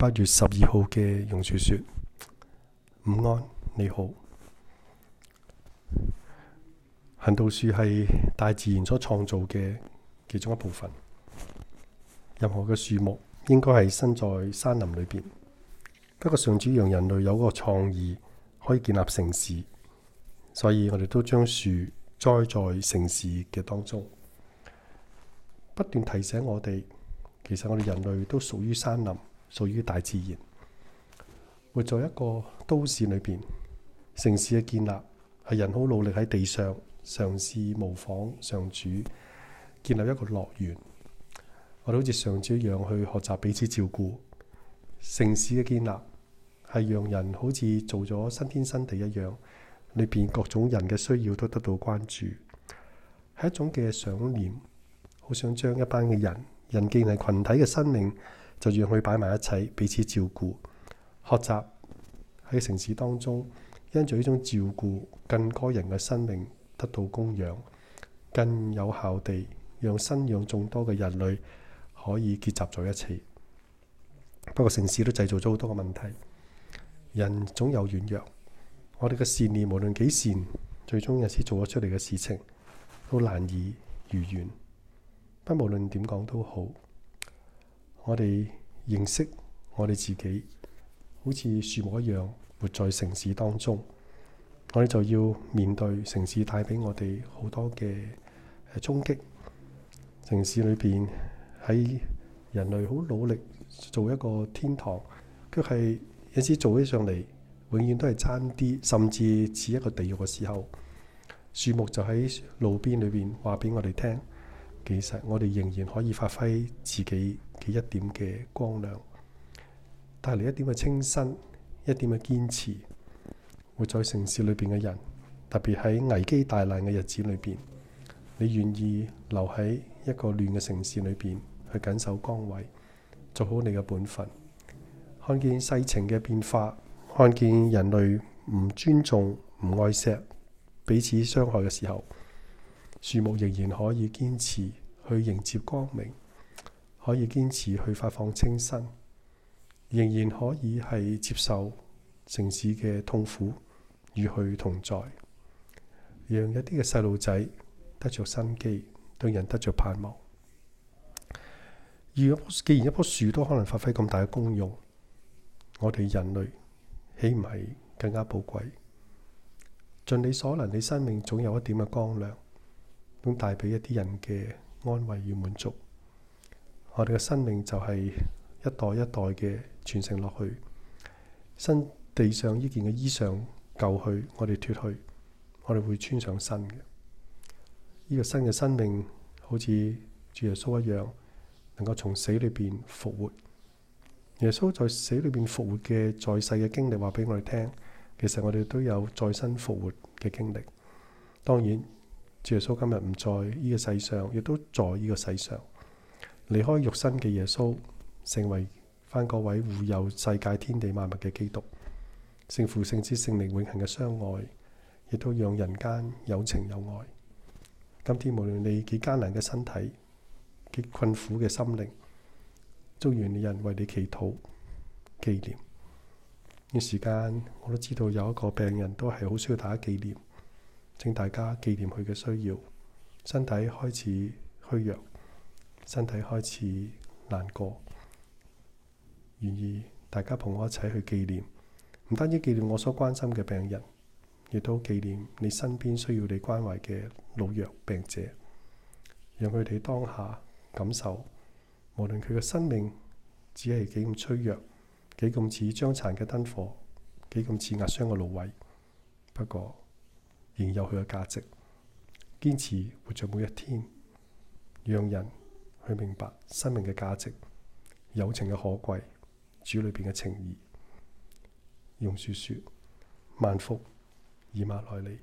八月十二號嘅榕樹說：午安，你好。行道樹係大自然所創造嘅其中一部分。任何嘅樹木應該係生在山林裏邊。不過上主讓人類有一個創意，可以建立城市，所以我哋都將樹栽在城市嘅當中，不斷提醒我哋，其實我哋人類都屬於山林。屬於大自然，活在一個都市裏邊。城市嘅建立係人好努力喺地上嘗試模仿上主建立一個樂園。我哋好似上主一樣去學習彼此照顧。城市嘅建立係讓人好似做咗新天新地一樣，裏邊各種人嘅需要都得到關注。係一種嘅想念，好想將一班嘅人人建立群體嘅生命。就讓佢擺埋一齊，彼此照顧。學習喺城市當中，因著呢種照顧，更多人嘅生命得到供養，更有效地讓生養眾多嘅人類可以結集在一起。不過城市都製造咗好多嘅問題，人總有軟弱。我哋嘅善念無論幾善，最終有時做咗出嚟嘅事情都難以如願。不無論點講都好。我哋認識我哋自己，好似樹木一樣活在城市當中。我哋就要面對城市帶畀我哋好多嘅衝擊。城市裏邊喺人類好努力做一個天堂，佢係有時做起上嚟永遠都係爭啲，甚至似一個地獄嘅時候。樹木就喺路邊裏邊話俾我哋聽，其實我哋仍然可以發揮自己。嘅一點嘅光亮，帶嚟一點嘅清新，一點嘅堅持。活在城市裏邊嘅人，特別喺危機大難嘅日子裏邊，你願意留喺一個亂嘅城市裏邊，去緊守崗位，做好你嘅本分。看見世情嘅變化，看見人類唔尊重、唔愛惜，彼此傷害嘅時候，樹木仍然可以堅持去迎接光明。可以堅持去發放清新，仍然可以係接受城市嘅痛苦與佢同在，讓一啲嘅細路仔得着生機，對人得着盼望。如既然一棵樹都可能發揮咁大嘅功用，我哋人類豈唔係更加寶貴？盡你所能，你生命總有一點嘅光亮，咁帶俾一啲人嘅安慰與滿足。我哋嘅生命就係一代一代嘅傳承落去，新地上呢件嘅衣裳舊去，我哋脫去，我哋會穿上新嘅。呢、呢個新嘅生命好似主耶穌一樣，能夠從死裏邊復活。耶穌在死裏邊復活嘅在世嘅經歷話俾我哋聽，其實我哋都有在身復活嘅經歷。當然，主耶穌今日唔在呢個世上，亦都在呢個世上。離開肉身嘅耶穌，成為翻嗰位護佑世界、天地萬物嘅基督，聖父、聖子、聖靈永恆嘅相愛，亦都讓人間有情有愛。今天無論你幾艱難嘅身體，幾困苦嘅心靈，祝願你人為你祈禱、紀念。呢時間我都知道有一個病人都係好需要大家紀念，請大家紀念佢嘅需要。身體開始虛弱。身體開始難過，願意大家同我一齊去紀念，唔單止紀念我所關心嘅病人，亦都紀念你身邊需要你關懷嘅老弱病者，讓佢哋當下感受，無論佢嘅生命只係幾咁脆弱，幾咁似將殘嘅燈火，幾咁似壓傷嘅蘆葦，不過仍有佢嘅價值，堅持活著每一天，讓人，去明白生命嘅價值，友情嘅可貴，主裏邊嘅情義。用説説，萬福以馬來利。